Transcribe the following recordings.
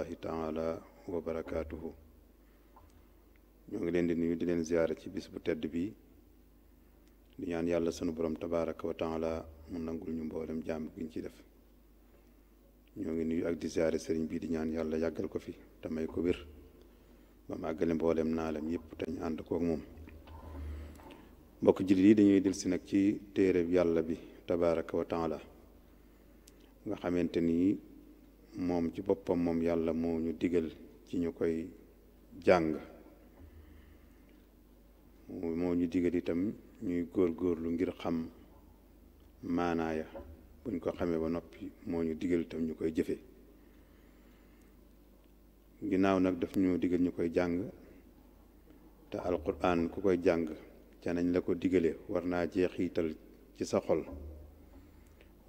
Allahi taala wa barakaatuhu ñoo ngi leen di nuyu di leen ziyaara ci bis bu tedd bi di ñaan yàlla sunu borom tabaaraka wa taala mun nangul ñu mboolem jaam giñ ñu ci def ñoo ngi nuyu ak di ziyaare sëriñ bi di ñaan yàlla yàggal ko fi te ko wér ba mu àggale mboolem naalam yëpp te ñu ànd koog moom mbokk jullit yi dañuy dil si nag ci téereb yàlla bi tabaaraka wa taala nga xamante ni moom ci boppam moom yàlla moo ñu digal ci ñu koy jàng moo ñu digal itam ñuy góor góorlu ngir xam maanaaya buñ ko xamee ba noppi moo ñu digal itam ñu koy jëfe ginnaaw nag daf ñu digal ñu koy jàng te alquran ku koy jàng ca nañ la ko digale war naa jeex jeexiital ci sa xol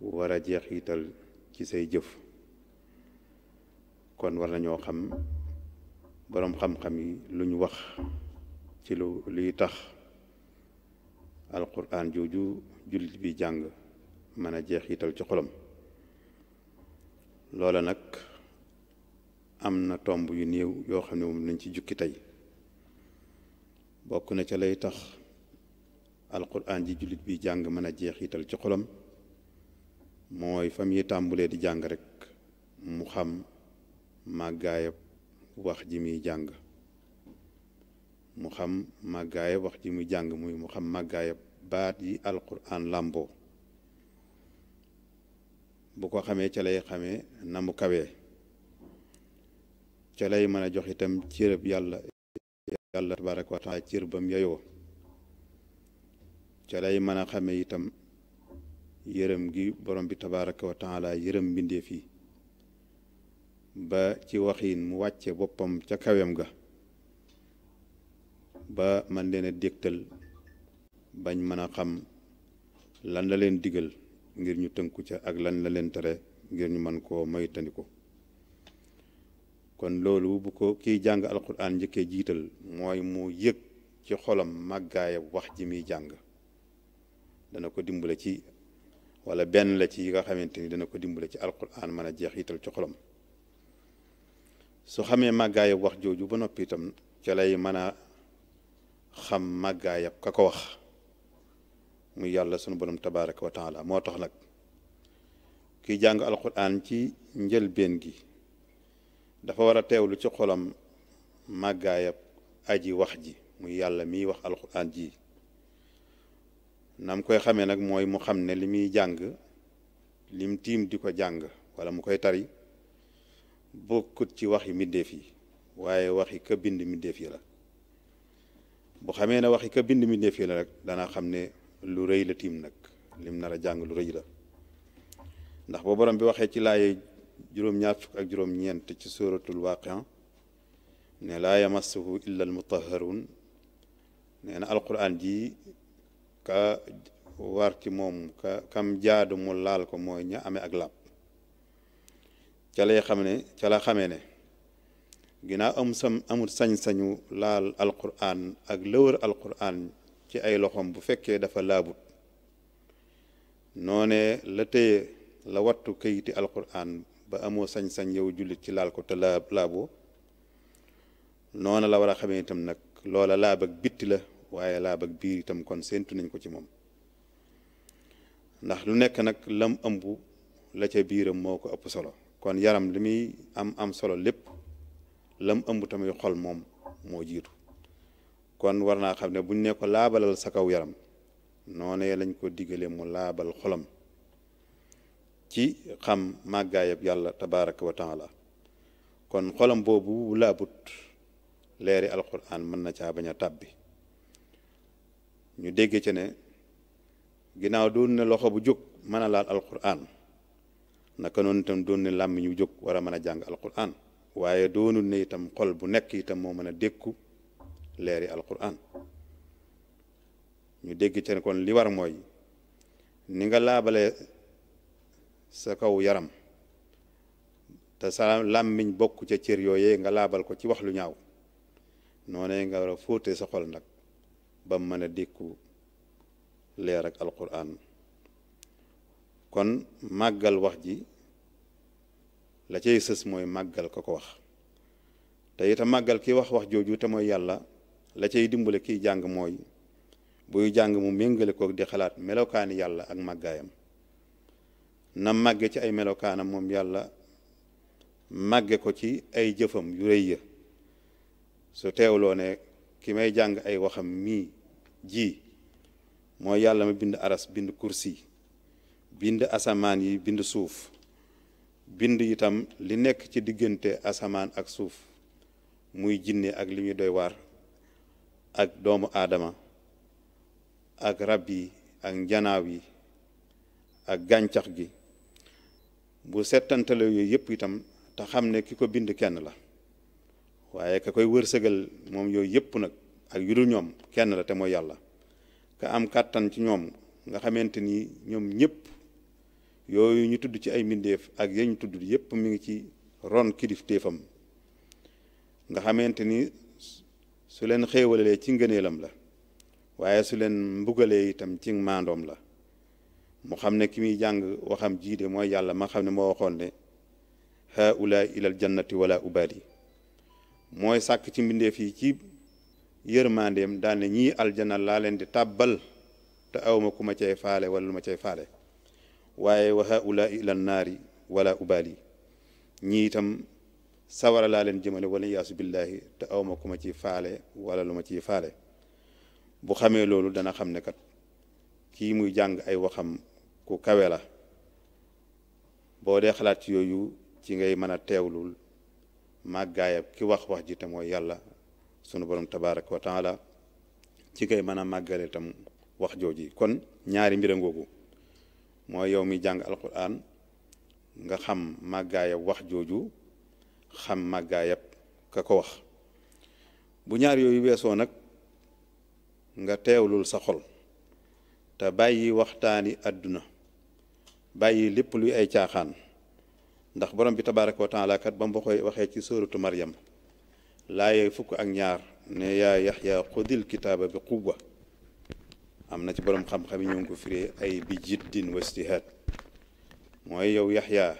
war a jeexiital ci say jëf kon war nañoo xam boroom xam-xam yi lu ñu wax ci lu liy tax alquran jooju jullit bi jàng mën a jeexital ci xolom loola nag am na tomb yu néew yoo xam ne moom nañ ci jukki tey bokk na ca lay tax alquran ji jullit bi jàng mën a jeexital ci xolom mooy fam yi tàmbulee di jàng rek mu xam màggaayab wax ji muy jàng mu xam màggaayab wax ji muy jàng muy mu xam màggaayab baat yi alquran làmboo bu ko xamee ca lay xamee na mu kawee ca lay mën a jox itam cërëb yàlla yàlla tabaraka wa taala cër bam yayoo ca lay mën a xamee itam yërëm gi borom bi tabaraka wa taala yërëm mbindeef yi ba ci waxiin mu wàccee boppam ca kawem ga ba man leen dégtal bañ mën a xam lan la leen digal ngir ñu tënku ca ak lan la leen tere ngir ñu mën koo moytandiku kon loolu bu ko kiy jàng alquran njëkkee jiital mooy mu yëg ci xolam màggaaya wax ji muy jàng dana ko dimbale ci wala benn la ci yi nga xamante ni dana ko dimbale ci alquran mën a jeex ital ci xolam su xamee màggaayab wax jooju ba noppi ca lay mën a xam yab ka ko wax muy yàlla sunu borom tabaraka wa taala moo tax nag kiy jàng alquran ci njëlbeen gi dafa war a teewlu ci xolam màggaayab aji wax ji muy yàlla miy wax alquran ji nam koy xamee nag mooy mu xam ne li muy jàng lim tiim di ko jàng wala mu koy tari bokkut ci waxi mbindeef yi waaye waxi ka bind mbindeef yi la bu xamee ne waxi ka bind mbindeef yi la rek danaa xam ne lu rëy la tiim nag lim nar a jàng lu rëy la ndax boo borom bi waxee ci laaye juróom-ñaar fukk ak juróom-ñeent ci suratul waaqian ne laa yamassuhu illa al mutahharun nee na alquran ji ka war ci moom ka kam jaadu mu laal ko mooy ña amee ak làpp ca lay xam ne ca la xamee ne ginnaaw am sam amul sañ-sañu laal alquran ak lëwër alquran ci ay loxoom bu fekkee dafa laabut noone la téye la wattu kayiti alquran ba amoo sañ-sañ yow jullit ci laal ko te laab laaboo la war a xamee nag loola laab ak bitti la waaye laab ak biir itam kon séentu nañ ko ci moom ndax lu nekk nag lam ëmb la ca biiram moo ko ëpp solo kon yaram li am am solo lépp lam ëmb tamit xol moom moo jiitu kon war naa xam ne buñ ne ko laabalal sa kaw yaram noonee lañ ko diggalee mu laabal xolam ci xam màggaayab yàlla tabaraka wa taala kon xolom boobu bu laabut leeri alquran mën na caa bañ a tàbbi ñu dégg ci ne ginnaaw doon ne loxo bu jóg mën a laal alquran naka noonu itam doon ne làmm ñu jóg war a mën a jàng alquran waaye doonul ne itam xol bu nekk itam moo mën a dékku leeri alquran ñu dégg ci kon li war mooy ni nga laabalee sa kaw yaram te sa làmmiñ bokk ca cër yooyee nga laabal ko ci wax lu ñaaw noonee nga war a fóote sa xol nag ba mën a dékku leer ak alquran kon màggal wax ji la cay sës mooy màggal ko ko wax te it màggal ki wax wax jooju te mooy yàlla la cay dimbale ki jàng mooy buy jàng mu méngale ko di xalaat melokaani yàlla ak màggaayam na màgge ci ay melokaanam moom yàlla màgge ko ci ay jëfam yu rëy ya su teewloo ne ki may jàng ay waxam mii ji mooy yàlla ma bind aras bind kursi bind asamaan yi bind suuf bind itam li nekk ci diggante asamaan ak suuf muy jinne ak li ñuy doy waar ak doomu aadama ak rab yi ak njanaaw yi ak gàncax gi bu settantale yooyu yëpp itam te xam ne ki ko bind kenn la waaye ka koy wërsëgal moom yooyu yëpp nag ak yu ñoom kenn la te mooy yàlla ka am kàttan ci ñoom nga xamante ni ñoom ñëpp yooyu ñu tudd ci ay mbindeef ak ya tudd yépp mi ngi ci ron kilifteefam nga xamante ni su leen xéewalee ci ngëneelam la waaye su leen mbugalee itam ci maandoom la mu xam ne ki muy jàng waxam jiide mooy yàlla ma xam ne moo waxoon ne haula ilal jannati wala ubali mooy sàkk ci mbindeef yi ci yërmandeem daal ne ñii aljanna laa leen di tàbbal te awma ku ma cay faale wala lu ma cay faale waaye wa haulaai ila naari wala ubaali ñii itam sawara laa leen jëmale wala yasu billaahi te awma ku ma ciy faale wala lu ma ciy faale bu xamee loolu dana xam ne kat kii muy jàng ay waxam ku kawe la boo dee xalaat ci yooyu ci ngay mën a teewlul màggaayab ki wax wax ji te mooy yàlla sunu borom tabaraka wa taala ci ngay mën a màggale tam wax jooji kon ñaari mbir a ngoogu mooy yow mi jàng alquran nga xam màggaayab wax jooju xam màggaayab ka ko wax bu ñaar yooyu weesoo nag nga teewlul sa xol te bàyyi waxtaani àdduna bàyyi lépp luy ay caaxaan ndax borom bi tabaraka wa taala ba mu koy waxee ci sóoratu maryam laaye fukk ak ñaar ne yaa yaxya xudil kitaaba bi quwwa am na ci borom xam-xam ñoo ngi ko firee ay bi jiddin wastihaad mooy yow yaxyaa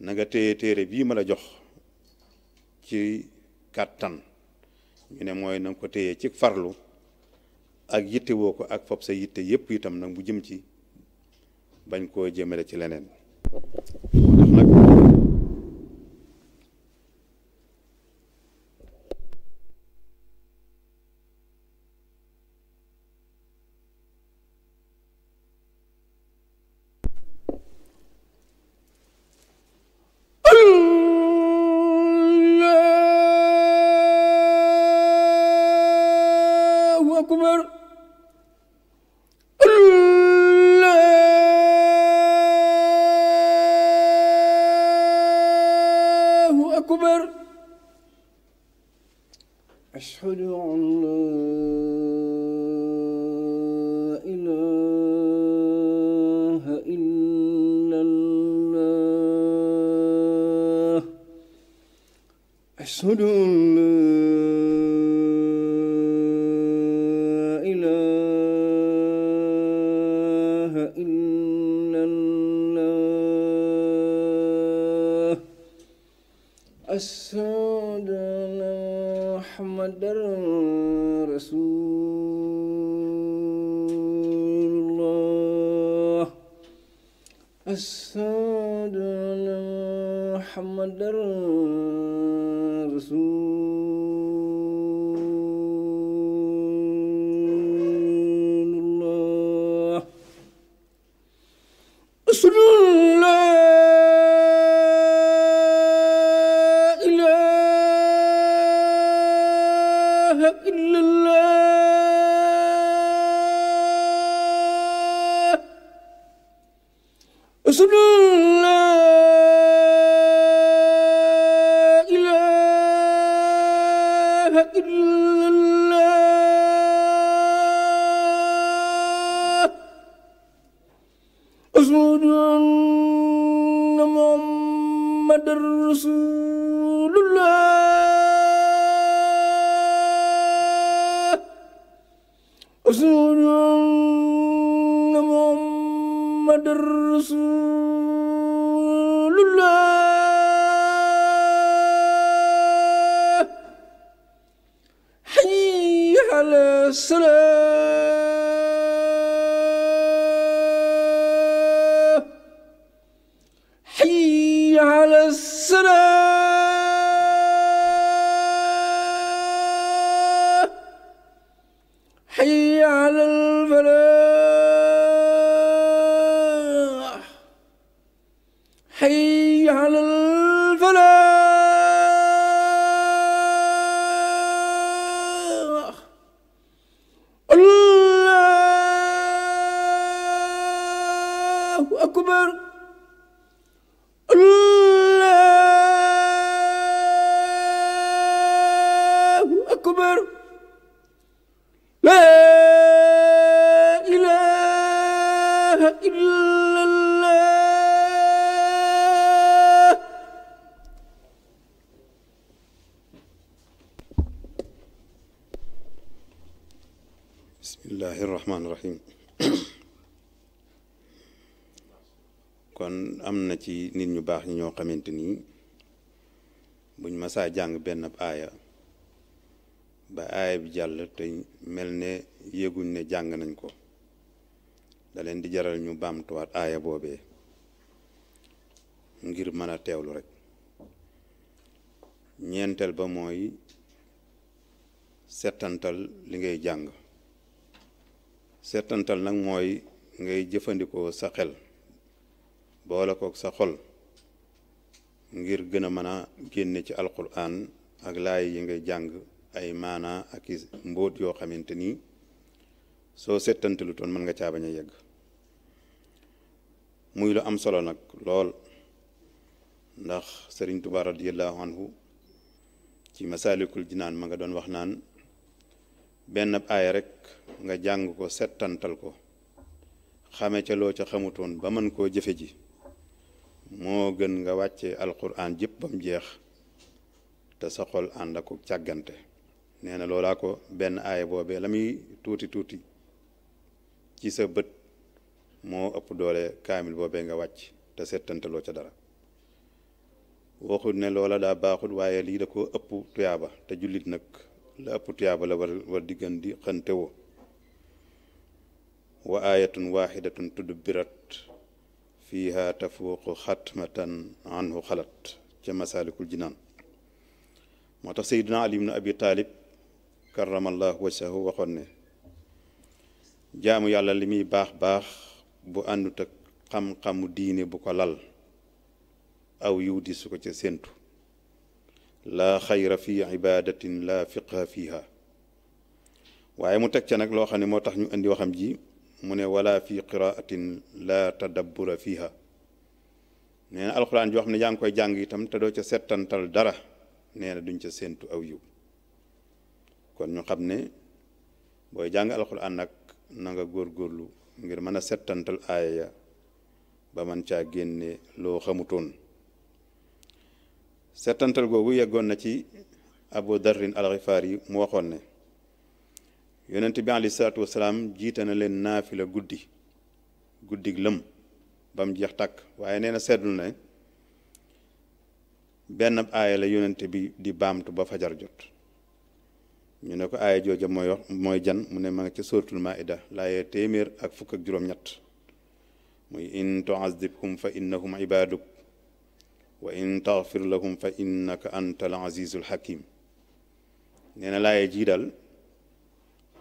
na nga téye téere bii mala jox ci kàttan ñu ne mooy na ko téye ci farlu ak yitte woo ko ak fob sa yitte yépp itam nag bu jëm ci bañ koo jëmale ci leneen sunu bismillahi irrahmaani irrahim kon am na ci nit ñu baax ñi ñoo xamante ni buñ masaa jàng benn aaya ba aaya bi jàll te mel ne yéeguñ ne jàng nañ ko da leen di jaral ñu baamtuwaat aaya boobee ngir mën a teewlu rek ñeenteel ba mooy settantal li ngay jàng seetantal nag mooy ngay jëfandikoo sa xel boole kook sa xol ngir gën a mën a génne ci alquran ak laay yi ngay jàng ay maana ak i yoo xamante nii soo settantalu toon mën nga caa bañ a yegg muy lu am solo nag lool ndax sëriñ Tuubaa radiyallaahu anhu ci masaalikul naan ma nga doon wax naan benn aaya rekk nga jàng ko settantal ko xame ca loo ca xamutoon ba mën koo jëfe ji moo gën nga wàcce alquran jëpp bam jeex te soxol xol ànd càggante nee na loolaa ko benn aaya boobee la muy tuuti tuuti ci sa bët moo ëpp doole kaamil boobee nga wàcc te settantaloo ca dara waxut ne loola daa baaxut waaye lii da koo ëpp tuyaaba te jullit nag la ëpp tuyaaba la war war di gën di xante wo wa aayatun waaxidatun tudbirat fiha tafuuqu xatmatan anhu xalat ca masaalikul jinaan moo tax sayduna ali ibnu abi taalib karamallahu wajhahu waxoon ne jaamu yàlla li muy baax-baax bu àndut ak xam-xamu diine bu ko lal aw yiw di su ko ca séentu laa xayra fi ibadatin laa fiqha fiha waaye mu teg ca nag loo xam ne moo tax ñu indi waxam ji mu ne wala fi qiraatin laa tadabbura fiha nee na alxuraan joo xam ne yaa ngi koy jàng itam te doo ca settantal dara nee na duñ ca séentu aw yiw kon ñu xam ne booy jàng alxuraan nag nanga nga góorgóorlu ngir mën a settantal ba man caa génne loo xamutoon settantal googu yeggoon na ci abu darrin alxifaar yi mu waxoon ne yonent bi aleyhi salaatu jiite na leen naafila guddi guddig lëm ba jeex takk waaye nee na seetlu ne benn aaya la yonent bi di baamtu ba fajar jot ñu ne ko aaya jooja mooy wax jan mu ne ma nga ca suratul maida laaye téeméer ak fukk ak juróom-ñett muy in tuazibhum fa innahum ibaduk wa in taxfir lahum fa innaka anta al azizul hakim nee na laaye jii daal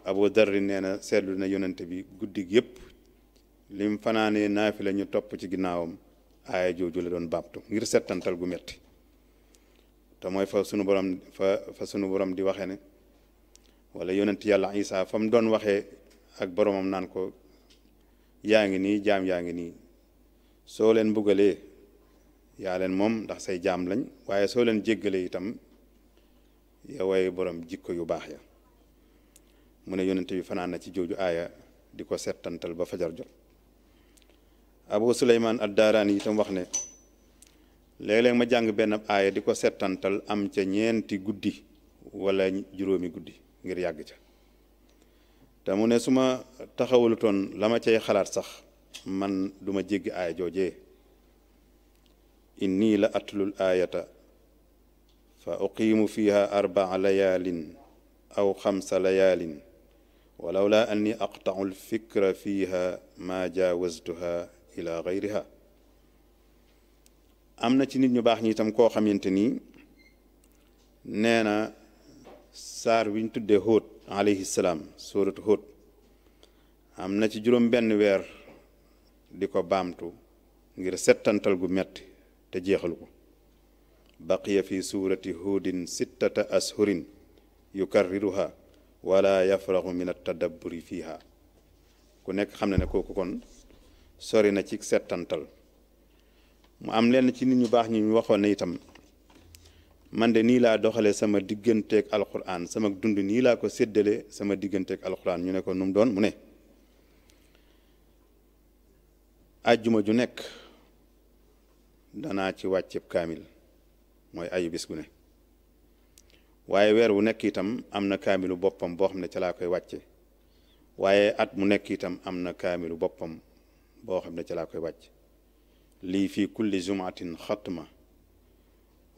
abu darri nee na seetlu na yonente bi guddig yépp lim fanaanee naafi la ñu topp ci ginnaawam aaya jooju la doon baabtu ngir settantal gu metti te mooy fa sunu borom sunu borom di waxe ne wala yonent yàlla isa fa mu doon waxee ak boromam naan ko yaa ngi nii jaam yaa ngi nii soo leen bugalee yaa leen moom ndax say jaam lañ waaye soo leen jéggale itam yoway boroom jikko yu baax ya mu ne yonent bi fanaan na ci jooju aaya di ko settantal ba fajar jot abu suleymaan yi itam wax ne léeg-léeg ma jàng benn aaya di ko settantal am ca ñeenti guddi wala juróomi guddi ngir yàgg ca te mu ne su ma taxawalutoon la ma cay xalaat sax man duma jéggi aaya joojee inni la atlul aayata fa uqiimu fiha arbaa aw xamsa layaalin walaw laa anni aqtacu lfikra fiha maa jaawastuha ila gayriha am na ci nit ñu baax ñi itam koo xamante ni nee na saar wiñ tuddee Hóot alayhi salaam suuratu Hóot am na ci juróom benn weer di ko baamtu ngir settantal gu metti te jeexalu ko baqiya fi suurati huudin sittata ashurin yukarriruha wala yafraxu min at-tadabburi fiha ku nekk xam ne ne kooku kon sori na ci settantal mu am lenn ci nit ñu baax ñi ñu waxoon ne itam man de nii laa doxale sama digganteeg alquran sama dund nii laa ko séddale sama digganteeg alquran ñu ne ko nu doon mu ne àjjuma ju nekk danaa ci wàcceb kaamil mooy ayu bis gu waaye weer wu nekk itam am na kaamilu boppam boo xam ne ca laa koy wàcce waaye at mu nekk itam am na kaamilu boppam boo xam ne ca laa koy wàcc lii fii kulli jumaatin xatma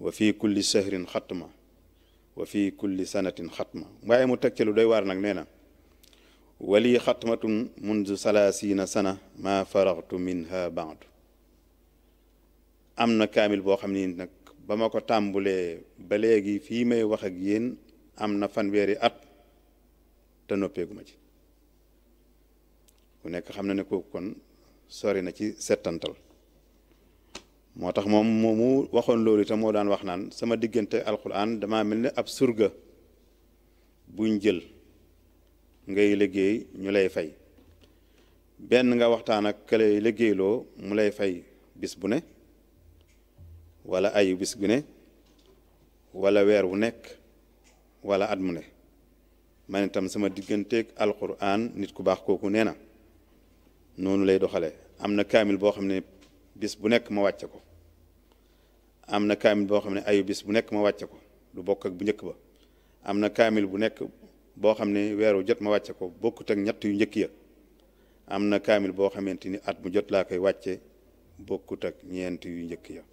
wa fii kulli sahrin xatma wa fii kulli waaye mu teg ci lu doy waar nag nee na walii xatmatun mundu salaasina sana maa faraxtu minha baadu am na kaamil boo xam ni nag ba ma ko tàmbulee ba léegi fii may wax ak yéen am na fanweeri at te noppeegu ci ku nekk xam na ne kooku kon sori na ci settantal moo tax moom mu waxoon loolu itam moo daan wax naan sama diggante alquran dama mel ni ab surga buñ jël ngay liggéey ñu lay fay benn nga waxtaan ak ka lay liggéeyloo mu lay fay bis bu ne wala ayu bis gu ne wala weer wu nekk wala at mu ne man itam sama digganteeg alquran nit ku baax kooku nee na noonu lay doxale am na kaamil boo xam ne bis bu nekk ma wàcce ko am na kaamil boo xam ne ayu bis bu nekk ma wàcce ko lu bokk ak bu njëkk ba am na kaamil bu nekk boo xam ne weeru jot ma wàcce ko bokkut ak ñett yu njëkk ya am na kaamil boo xamante ni at mu jot laa koy wàcce bokkut ñeent yu njëkk ya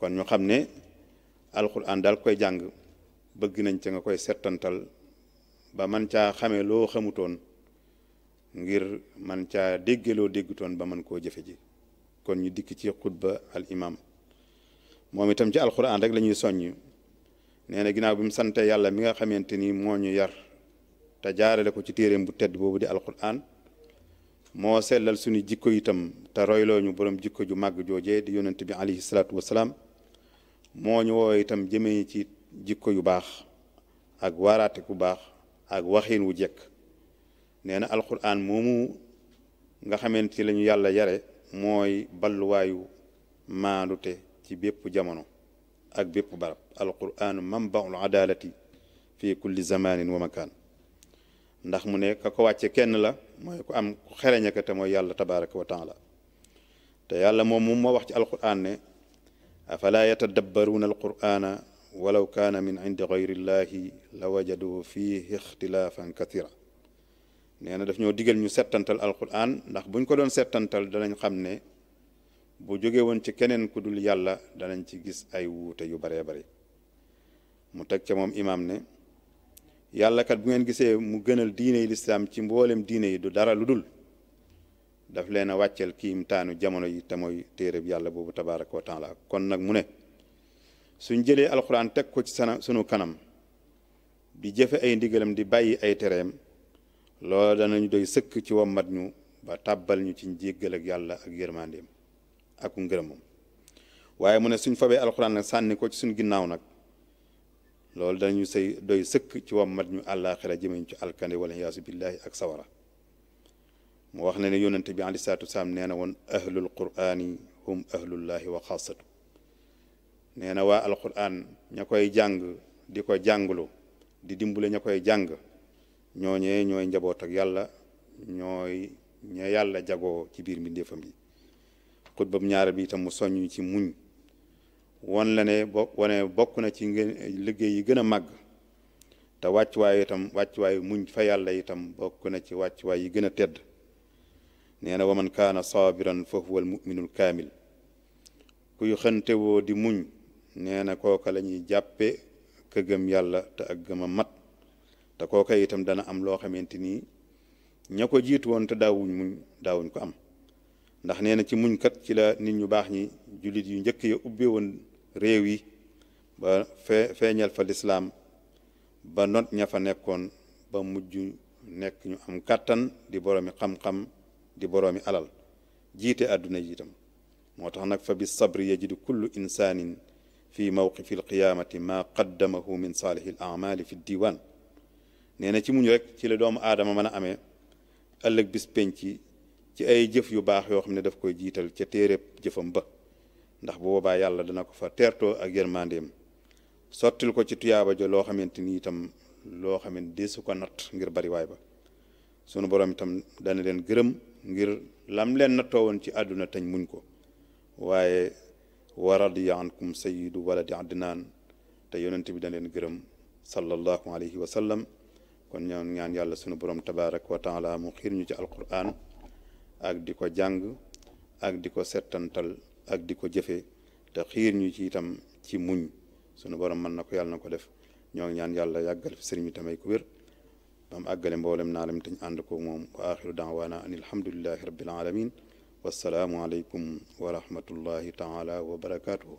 kon ñu xam ne alxuraan daal koy jàng bëgg nañ ca nga koy settantal ba man caa xamee loo xamutoon ngir man caa dégge loo déggutoon ba man koo jëfe ji kon ñu dikk ci xutba al imam moom itam ci alxuraan rek lañuy ñuy soññ nee na ginnaaw bi mu sante yàlla mi nga xamante ni moo ñu yar te jaarale ko ci téere bu tedd boobu di alxuraan moo sellal sunu jikko yitam te royloo ñu borom jikko ju màgg joojee di yonent bi alayhi salaatu wasalaam moo ñu woowe itam jëmee ci jikko yu baax ak waaraate ku baax ak waxiin wu jekk nee na alquran moomu nga xamante ci lañu yàlla yare mooy balluwaayu maandute ci bépp jamono ak bépp barab alquranu mambaul adalati fi kulli zamanin wa makaan ndax mu ne ka ko wàcce kenn la mooy ku am ku xereñaka te mooy yàlla tabaraka wa taala te yàlla moom moom moo wax ci alquran ne afalaa yatadabbaruuna alqur'aana walaw kaana min indi gayrillahi la wajadu fiihi ixtilaafan kathira nee na daf ñoo digal ñu settantal alquran ndax buñ ko doon settantal danañ xam ne bu jóge woon ci keneen ku dul yàlla danañ ci gis ay wuute yu baree bare mu teg ca moom imaam ne yàlla kat bu ngeen gisee mu gënal diine yi lislaam ci mboolem diine yi du dara lu dul daf leen a wàcceel taanu jamono yi te mooy téereb yàlla boobu tabaraka wa taala kon nag mu ne suñ jëlee alxuraan teg ko ci sana sunu kanam di jëfe ay ndigalam di bàyyi ay tereem loola danañu doy sëkk ci wammat ñu ba tàbbal ñu ci njéggal ak yàlla ak yërmandeem ak ngërëmam waaye mu ne suñ fabee alxuraan nag sànni ko ci suñ ginnaaw nag loolu danañu sey doy sëkk ci wammat ñu àllaaxira jëmeñ ci alkande wala yaasu billaahi ak sawara mu wax ne ne yonente bi aleyhi salaatu nee na woon ahlul qur'aani hum ahlullahi wa xaasatu nee na waa alqur'aan ña koy jàng di ko jànglu di dimbale ña koy jàng ñooñee ñooy njaboot ak yàlla ñooy ña yàlla jagoo ci biir mbindeefam yi xutba bu ñaar bi itam mu soññ ci muñ won la ne bo bokk na ci liggéey yi gën a màgg te wàccuwaay itam wàccuwaay muñ fa yàlla itam bokk na ci wàccuwaay yi gën a tedd nee na waman kaana saabiran fa huwa almuminul kaamil kuy xëntewoo di muñ nee na kooka lañuy jàppe ka yàlla te ak gëm mat te kooka itam dana am loo xamante nii ña ko jiitu woon te daawuñ muñ daawuñ ko am ndax nee na ci muñ kat ci la nit ñu baax ñi jullit yu njëkk ya ubbi woon réew yi ba feeñal fa lislaam ba not ña fa nekkoon ba mujj nekk ñu am kàttan di boroomi xam-xam di boroomi alal jiite àdduna ji moo tax nag fa bi sabri yajidu kullu insaanin fi mawqifi alqiyaamati maa qaddamahu min saalihi al amali fi diwaan nee na ci muñu rek ci la doomu aadama mën a amee ëllëg bis ci ay jëf yu baax yoo xam ne daf koy jiital ca téereb jëfam ba ndax bu boobaa yàlla dana ko fa teertoo ak yërmandeem sottil ko ci tuyaaba jo loo xamante ni itam loo xamante deesu ko natt ngir bariwaay ba sunu borom tam dana leen gërëm ngir lam leen na toowoon ci àdduna tañ muñ ko waaye wa radiya ankum sayyidu di adnaan te yonent bi da leen gërëm sallallahu alayhi wa sallam kon ñoo ñaan yàlla sunu borom tabarak wa taala mu xiir ñu ci alquran ak di ko jàng ak di ko settantal ak di ko jëfe te xiir ñu ci itam ci muñ sunu borom mën na ko yàlla na ko def ñoo ñaan yàlla yàggal fi sëriñ bi tamay ku ba mu àggale mboolem naalam te ñu ànd ko moom wa axiru daawaana an alhamdulilahi rabbil alamin wassalaamu aleykum wa rahmatullahi taala wa barakaatuhu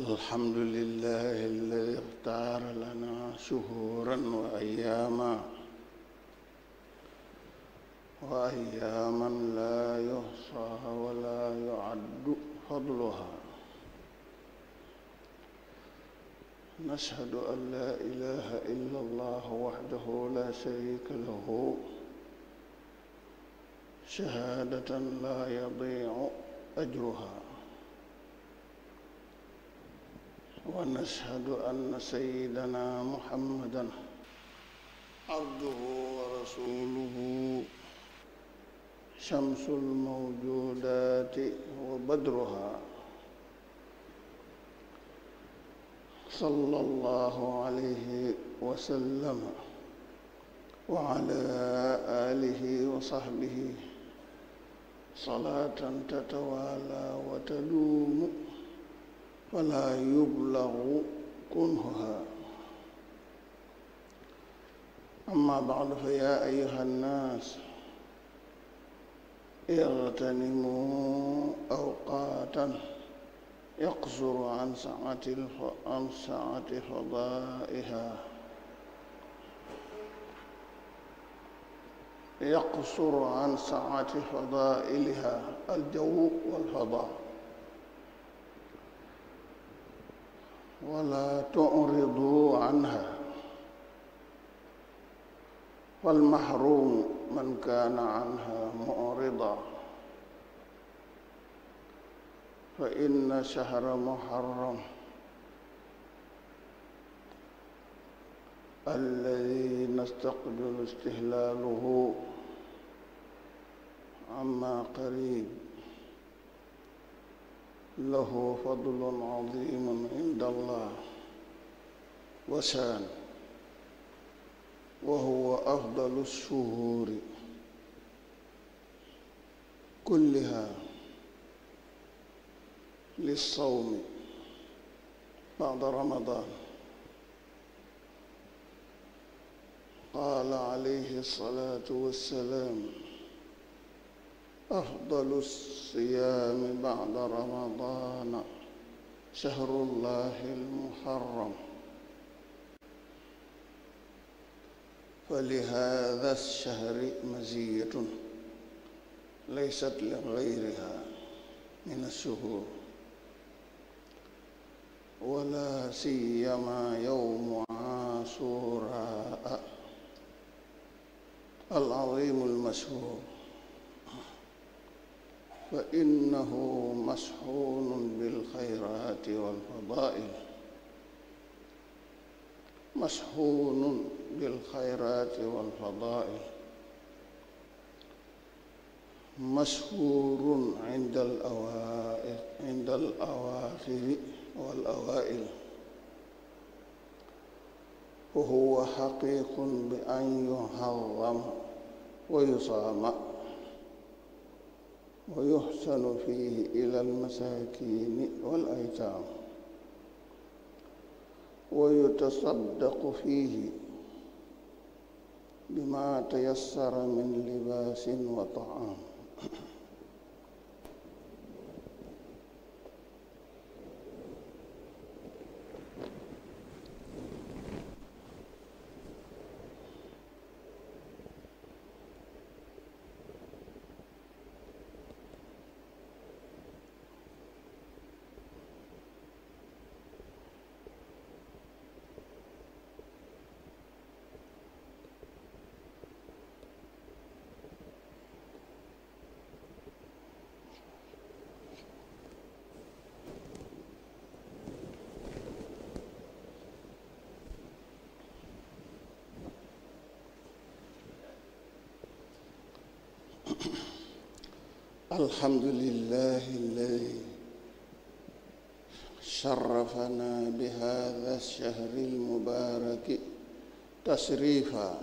الحمد لله الذي اختار لنا شهورا وأياما وأياما لا يحصى ولا يعد فضلها نشهد أن لا إله إلا الله وحده لا شريك له شهادة لا يضيع أجرها ونشهد أن سيدنا محمدا عبده ورسوله شمس الموجودات وبدرها صلى الله عليه وسلم وعلى آله وصحبه صلاة تتوالى وتدوم ولا يبلغ كنهها أما بعد فيا أيها الناس اغتنموا أوقاتا يقصر عن سعة الف... عن سعة فضائها يقصر عن سعة فضائلها الجو والفضاء wala tu'ridu anha wal mahrum man kaana anha mu'rida fa inna shahra muharram الذي نستقبل استهلاله عما قريب له فضل عظيم عند الله وشان وهو أفضل الشهور كلها للصوم بعد رمضان قال عليه الصلاة والسلام أفضل الصيام بعد رمضان شهر الله المحرم فلهذا الشهر مزية ليست لغيرها من الشهور ولا سيما يوم عاشوراء العظيم المشهور فإنه مشحون بالخيرات والفضائل مشحون بالخيرات والفضائل مشهور عند الأوائل عند الأواخر والأوائل وهو حقيق بأن يهرم ويصام ويحسن فيه إلى المساكين والأيتام ويتصدق فيه بما تيسر من لباس وطعام الحمد لله الذي شرفنا بهذا الشهر المبارك تشريفا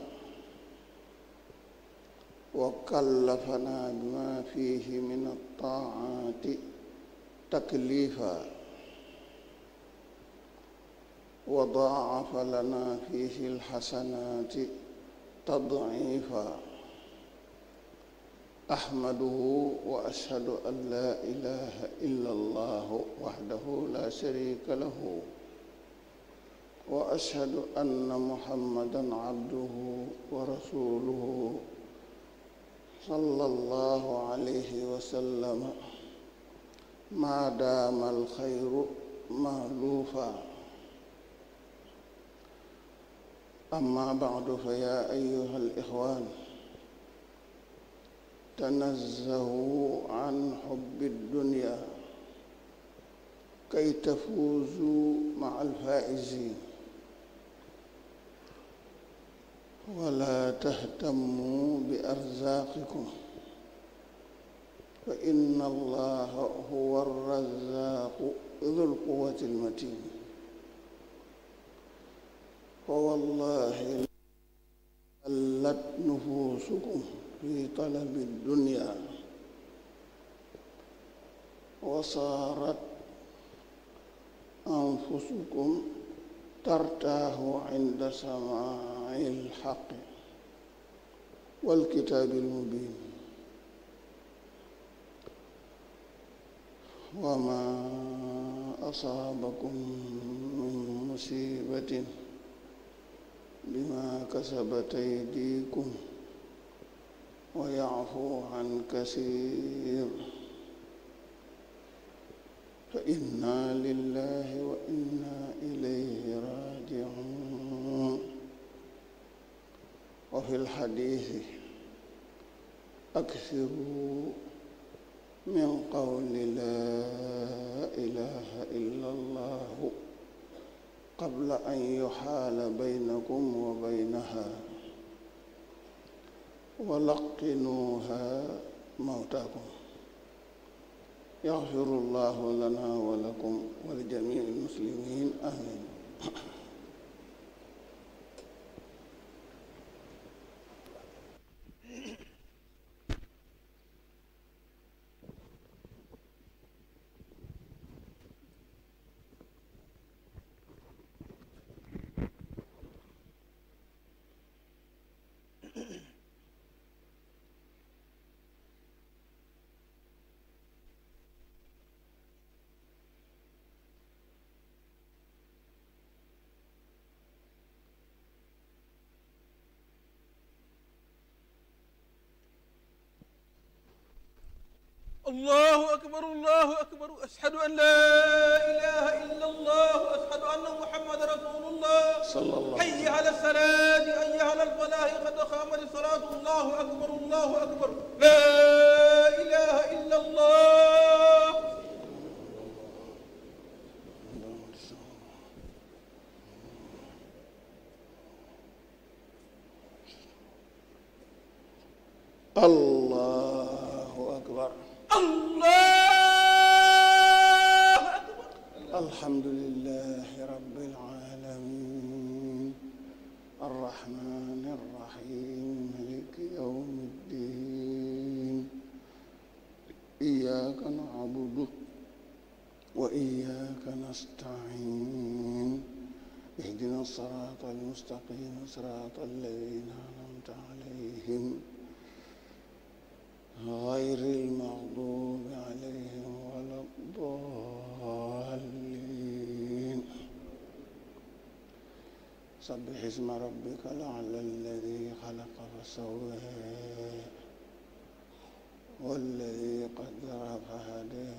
وكلفنا بما فيه من الطاعات تكليفا وضاعف لنا فيه الحسنات تضعيفا أحمده وأشهد أن لا إله إلا الله وحده لا شريك له وأشهد أن محمدا عبده ورسوله صلى الله عليه وسلم ما دام الخير مألوفا أما بعد فيا أيها الإخوان tanazzahu an hubbi dunya kay tafuzu ma'a al-faa'izin wa la tahtammu bi arzaaqikum fa inna Allaha huwa ar-razzaaqu dhul quwwati al-matiin fa wallahi qullat nufusukum في طلب الدنيا وصارت أنفسكم ترتاه عند سماع الحق والكتاب المبين وما أصابكم من مصيبة بما كسبت أيديكم ويعفو عن كثير فإنا لله وإنا إليه راجعون وفي الحديث أكثروا من قول لا إله إلا الله قبل أن يحال بينكم وبينها ولقنوها موتاكم يغفر الله لنا ولكم ولجميع المسلمين آمين allahu akbar allahu akbar ashhadu an la ilaha illa allah ashhadu anna muhammadan rasulullah sallallahu hayya ala salaati hayya ala alfalahi qad qaamat salaatu allahu akbar allahu akbar la ilaha illa allah sabbih isma rabbika al-a'la alladhi khalaqa fa sawwa والذي قدر فهدى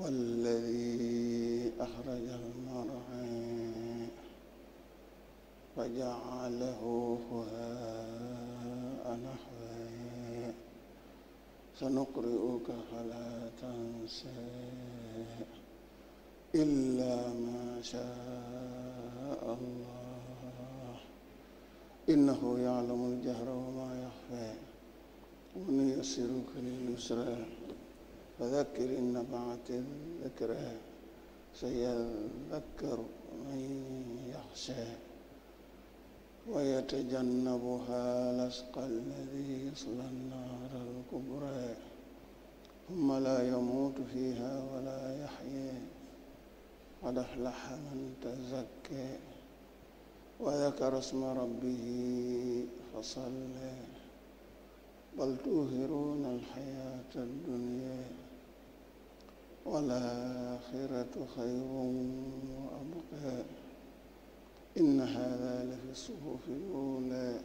والذي أخرج المرعى فجعله هاء نحوا سنقرئك فلا تنسى إلا ما شاء الله إنه يعلم الجهر وما يخفى ونيسرك لليسرى فذكر إن نفعت الذكرى سيذكر من يخشى ويتجنبها الأشقى الذي يصلى النار الكبرى ثم لا يموت فيها ولا يحيى قد أفلح من تزكى وذكر اسم ربه فصلى بل توهرون الحياة الدنيا والآخرة خير وأبقى إن هذا لفي الصحف الأولى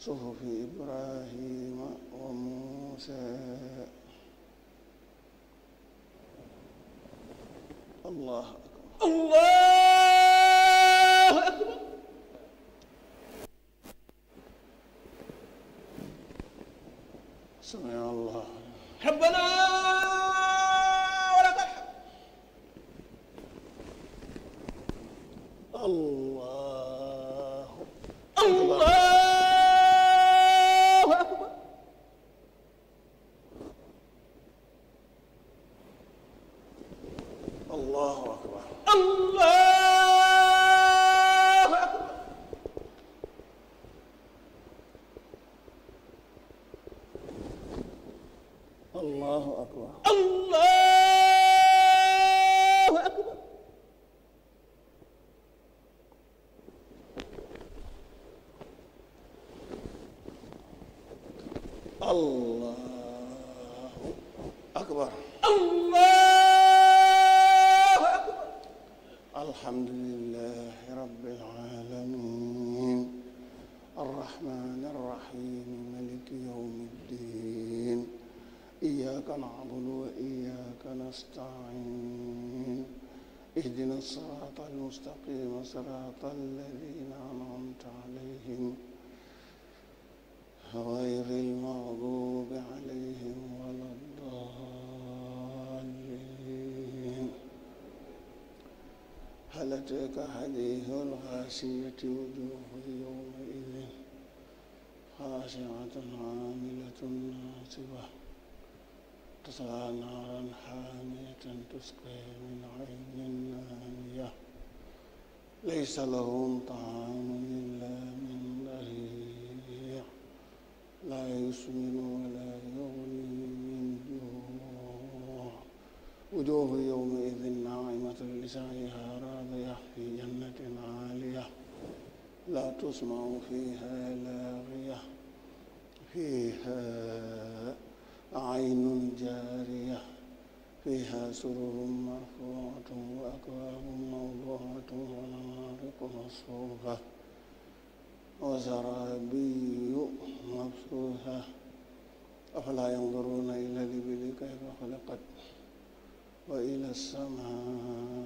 صحف إبراهيم وموسى الله أكبر الله allahu akbar sami allah rabbana wa lakal hamd allah allahu akbar allah أتاك حديث الغاشية وجوه يومئذ خاشعة عاملة ناصبة تصلى نارا حامية تسقي من عين آنية ليس لهم طعام تسمع فيها لاغية فيها عين جارية فيها سرور مرفوعة وأكواب موضوعة ونمارق مصفوفة وزرابي مبثوثة أفلا ينظرون إلى الإبل كيف خلقت وإلى السماء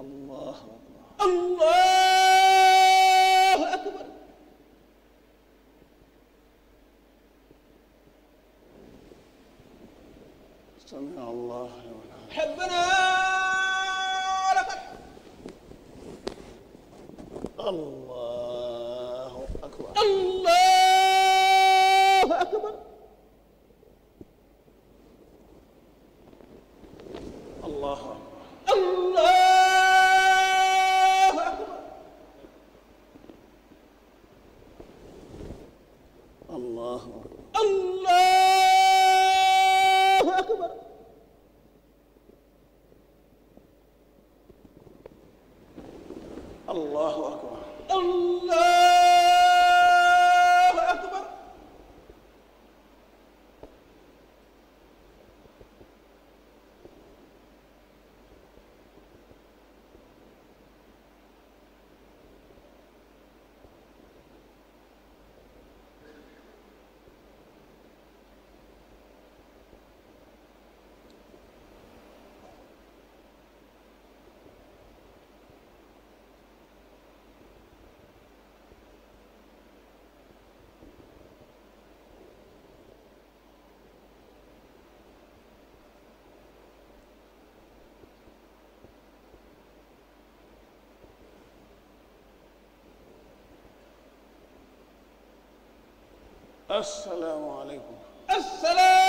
allahu akbar sami allah rabbana lakal asalaamaaleykum. asalaamaaleykum.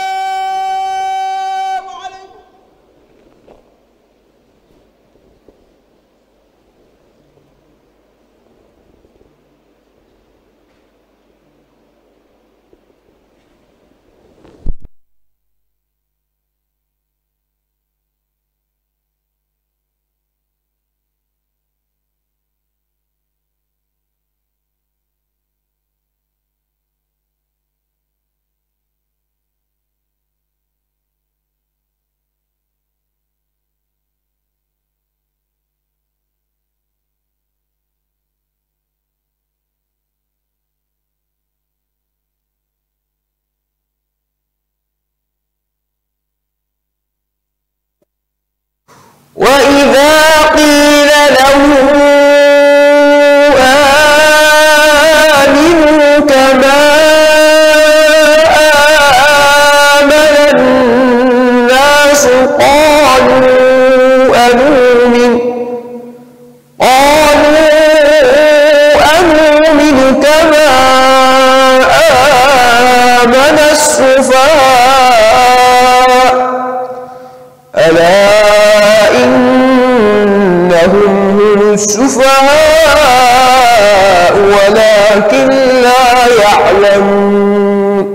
يعلمون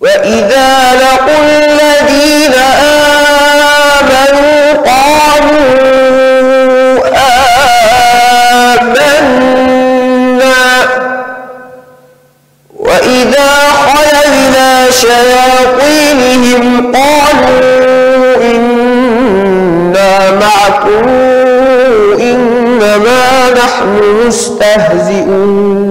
وإذا لقوا الذين آمنوا قالوا آمنا وإذا خلوا إلى شياطينهم قالوا إنا معكم إنما نحن مستهزئون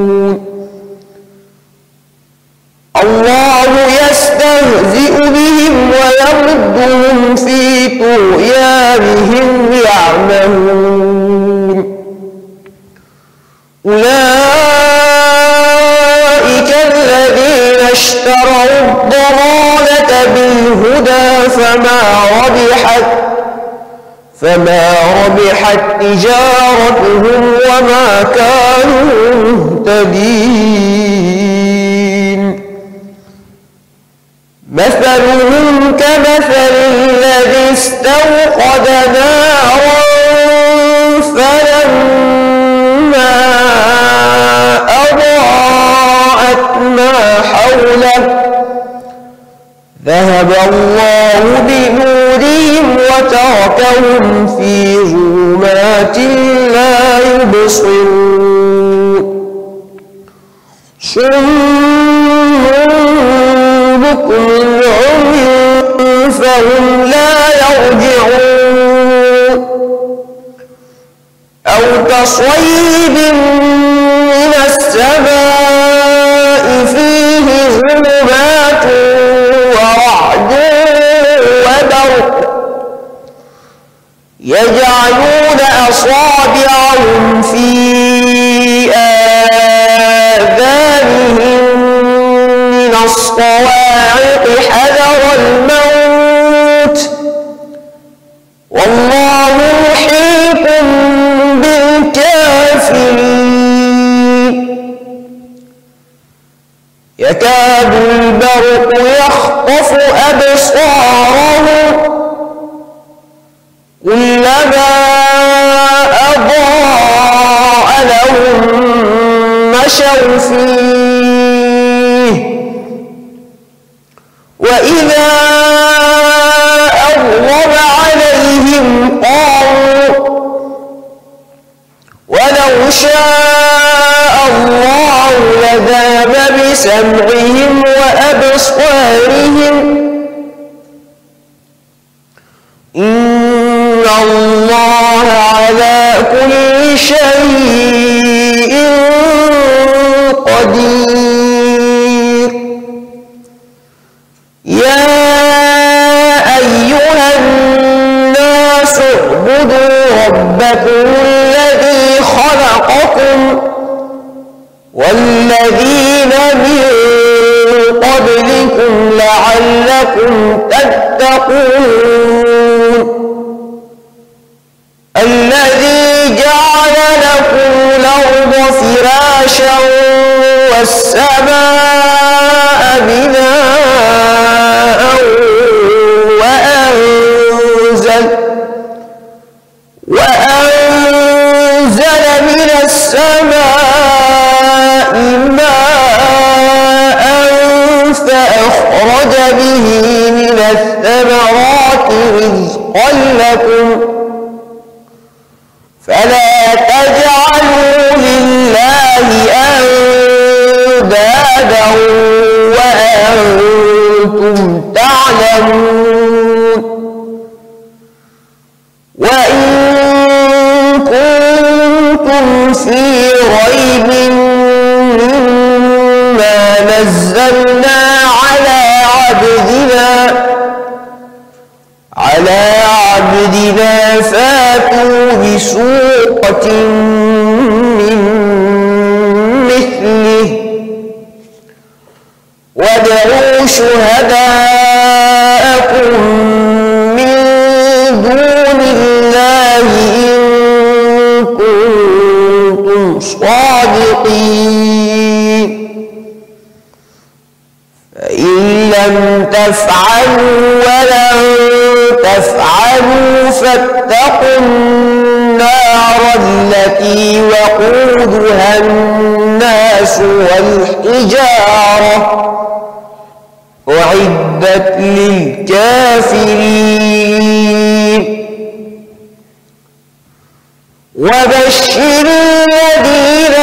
يعلمون أولئك الذين اشتروا الضلالة بالهدى فما ربحت فما ربحت تجارتهم وما كانوا مهتدين مثلهم كمثل الذي استوقد نارا فلما أضاءت ما حوله ذهب الله بنورهم وتركهم في ظلمات لا يبصرون صم بكم فهم لا يرجعون أو كصيب من السماء فيه ظلمات ورعد وبرق يجعلون أصابعهم في آذانهم من الصواعق والله محيط بالكافرين يكاد البرق يخطف أبصارهم كلما أضاء لهم مشوا فيه وإذا بهم قالوا ولو شاء الله لذاب بسمعهم وأبصارهم إن الله على كل شيء قدير ربكم الذي خلقكم والذين من قبلكم لعلكم تتقون الذي جعل لكم الأرض فراشا والسماء بناءً من السماء ماء فأخرج به من الثمرات رزقا لكم فلا في ريب مما نزلنا على عبدنا على عبدنا فاتوا بسورة من مثله وادعوا شهداءكم الصادقين فإن لم تفعلوا ولن تفعلوا فاتقوا النار التي وقودها الناس والحجارة أعدت للكافرين وبشر الذين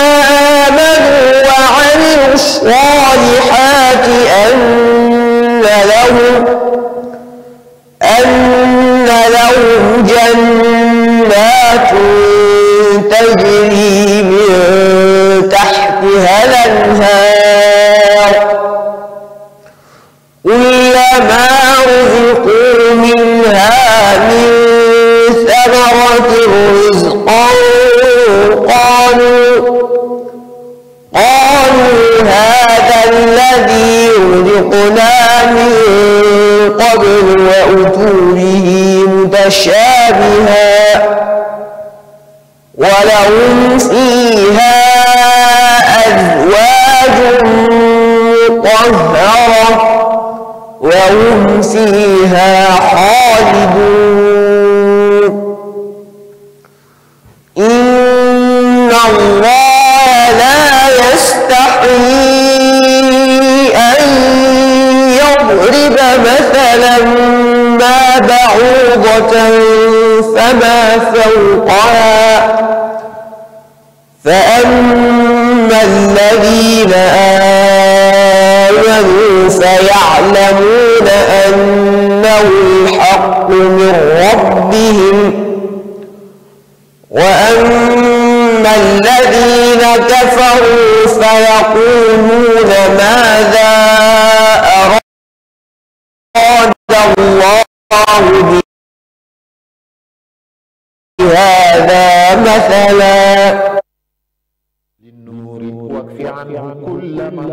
آمنوا وعملوا الصالحات أن لهم أن لهم جنات تجري من تحتها الأنهار لهم فيها أزواج مطهرة وهم فيها خالدون إن الله لا يستحيي أن يضرب مثلا ما بعوضة فما فوقها الذين آمنوا سيعلمون أنه الحق من ربهم وأما الذين كفروا فيقولون ماذا أراد الله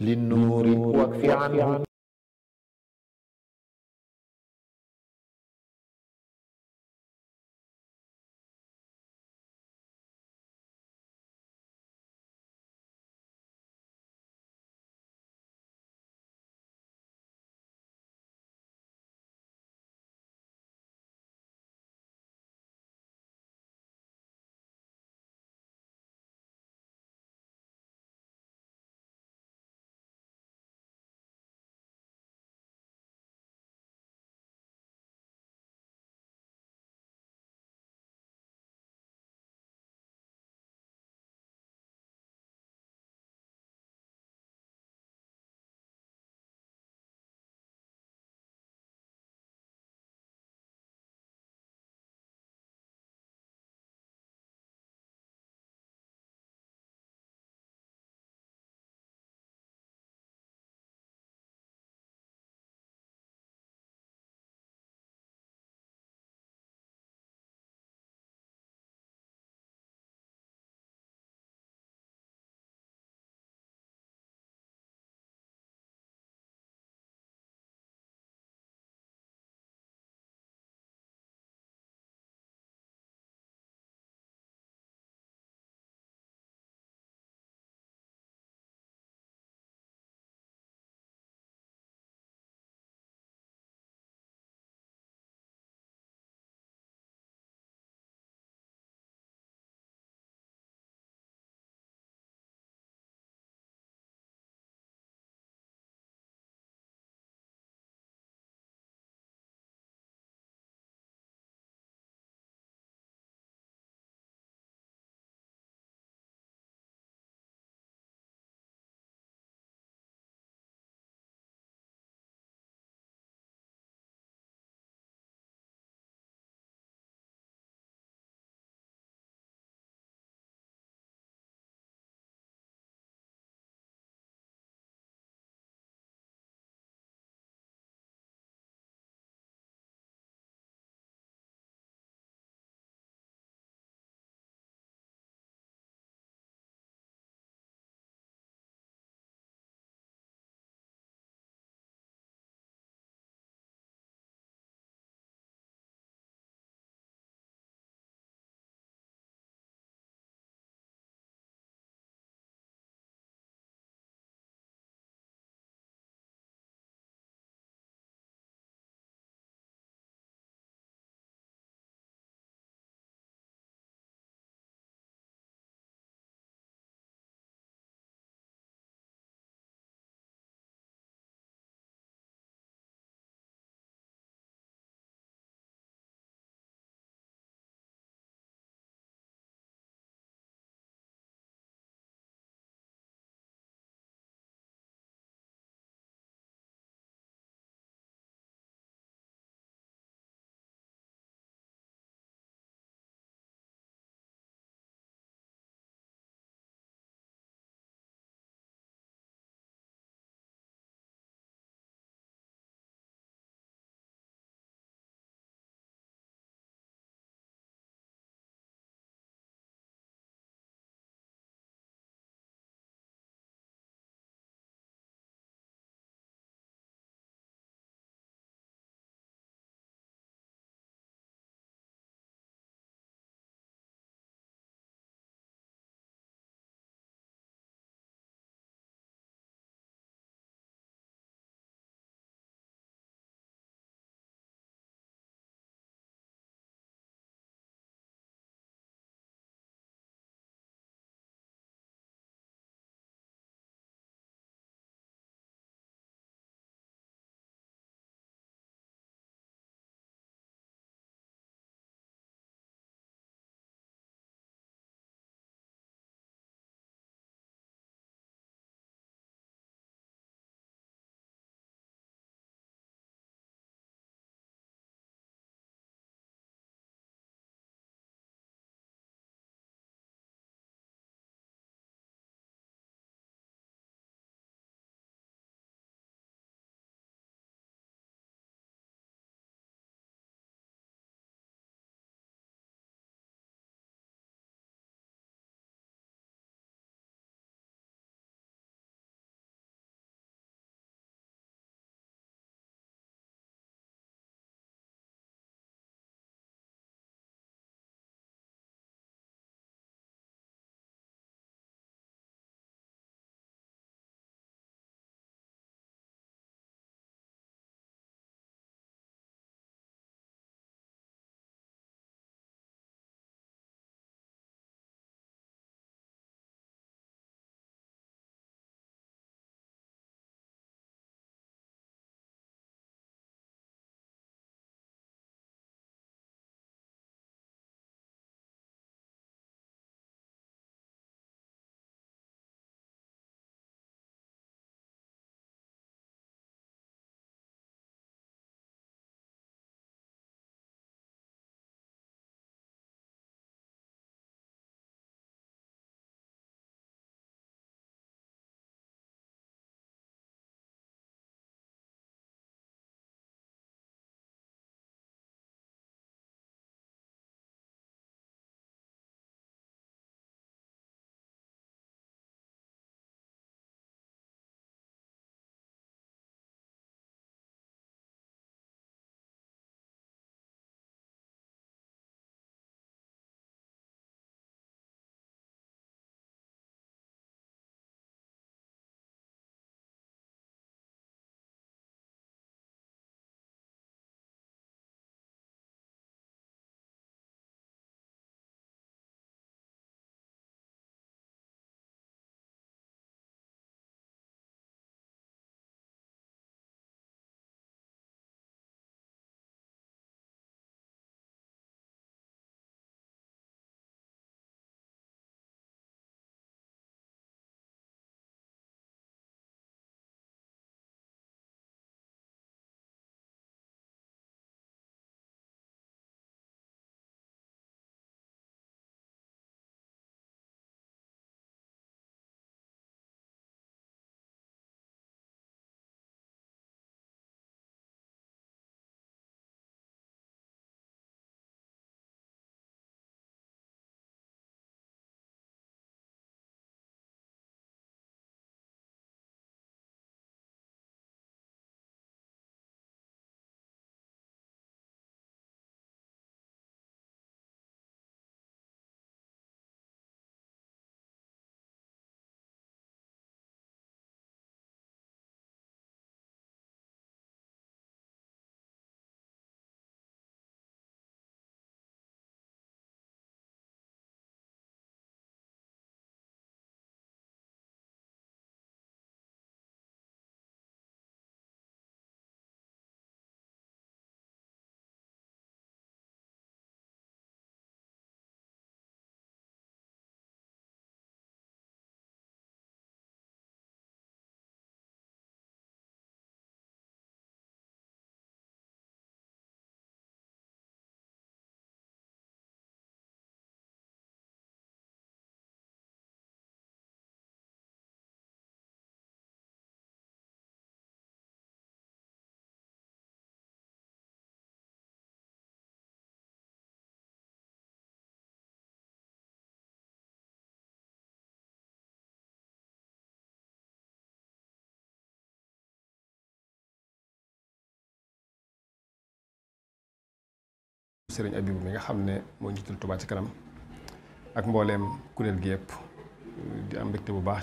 للنور واكف عنه sëriñ Abibu mi nga xam ne moo njiitul Touba ci kanam ak mbooleem kuréel gi yëpp di am mbégte bu baax